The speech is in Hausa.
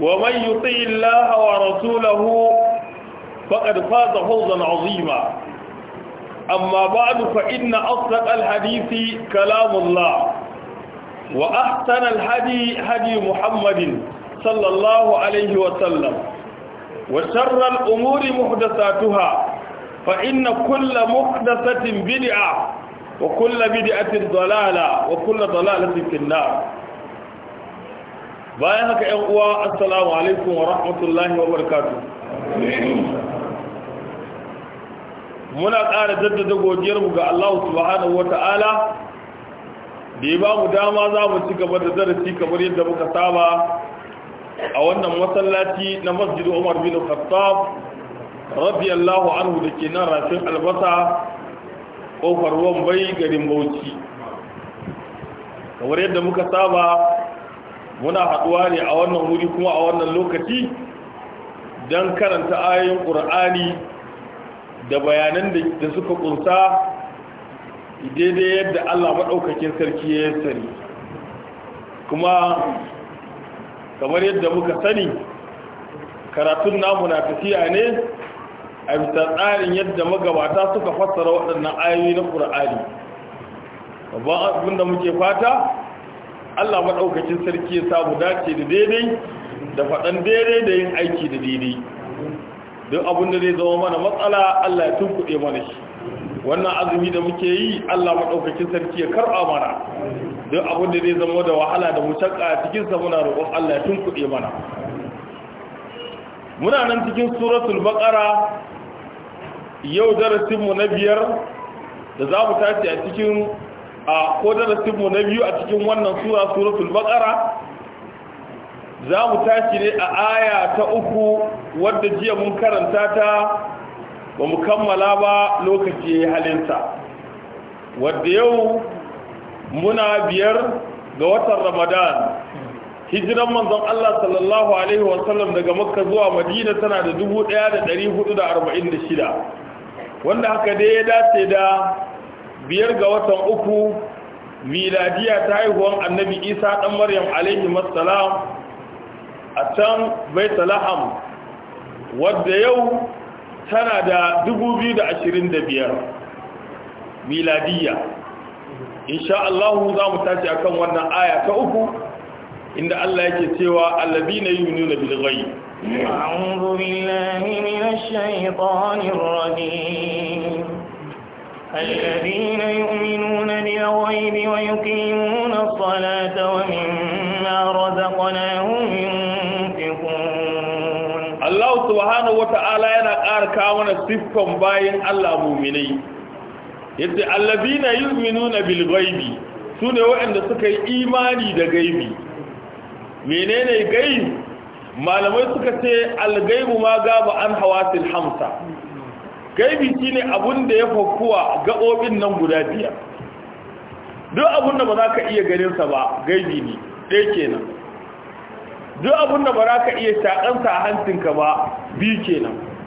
ومن يطيع الله ورسوله فقد فاز فوزا عظيما أما بعد فإن أصدق الحديث كلام الله وأحسن الهدي هدي محمد صلى الله عليه وسلم وشر الأمور محدثاتها فإن كل محدثة بدعة وكل بدعة ضلالة وكل ضلالة في النار bayan haka yan uwa assalamu alaikum wa rahmatullahi wa barakatuh muna ƙara jaddada mu ga Allah subhanahu wata'ala da ya ba mu dama za mu ci gaba da darasi kamar yadda muka saba a wannan masallaci na masjid Umar bin Khattab radiyallahu anhu da ke nan rafin albasa kofar wambai garin Bauchi kamar yadda muka saba muna haɗuwa ne a wannan wuri kuma a wannan lokaci don karanta ayoyin ƙur'ani da bayanan da suka ƙunsa daidai yadda Allah maɗaukakin sarki ya sani kuma kamar yadda muka sani karatun namu na tafiya ne a bisa tsarin yadda magabata suka fassara waɗannan ayoyi na ƙur'ani babban abin da muke fata Allah maɗaukacin sarki ya samu dace da daidai da faɗan daidai da yin aiki da daidai duk abin da zai zama mana matsala Allah ya tunkuɗe mana shi wannan azumi da muke yi Allah maɗaukacin sarki ya karɓa mana duk abin da zai zama da wahala da mushakka a cikinsa muna roƙon Allah ya tunkuɗe mana muna nan cikin suratul baqara yau darasinmu na biyar da za mu tashi a cikin a ko darasinmu na biyu a cikin wannan sura suratul baqara za mu tashi ne a aya ta uku wadda jiya mun karanta ta ba mu kammala ba lokaci ya halinta wadda yau muna biyar ga watan ramadan hijiran manzon Allah sallallahu alaihi wasallam daga makka zuwa madina tana da 1446 wanda haka dai ya dace da biyar ga watan uku miladiya ta haihuwan annabi isa ɗan maryam alaihi masalam a can baitalaham wadda yau tana da 2025 miladiya insha Allah za mu tashi akan wannan aya ta uku inda Allah yake cewa allazina yu'minuna bil ghaib a'udhu billahi minash shaitanir الذين يؤمنون بالغيب ويقيمون الصلاة ومما رزقناهم ينفقون الله سبحانه وتعالى yana ƙara kawo mana siffan bayan Allah mu'minai yadda allazina yu'minuna bil ghaibi sune waɗanda suka yi imani da gaibi menene gai? malamai suka ce al ma gaba an hawasil hamsa gaibi shi ne abun da ya fakuwa gaɓoɓin nan guda biya duk abun da ba za ka iya ganinsa ba gaibi ne ɗaya kenan duk abun da ba za ka iya shaƙansa a hantinka ba biyu kenan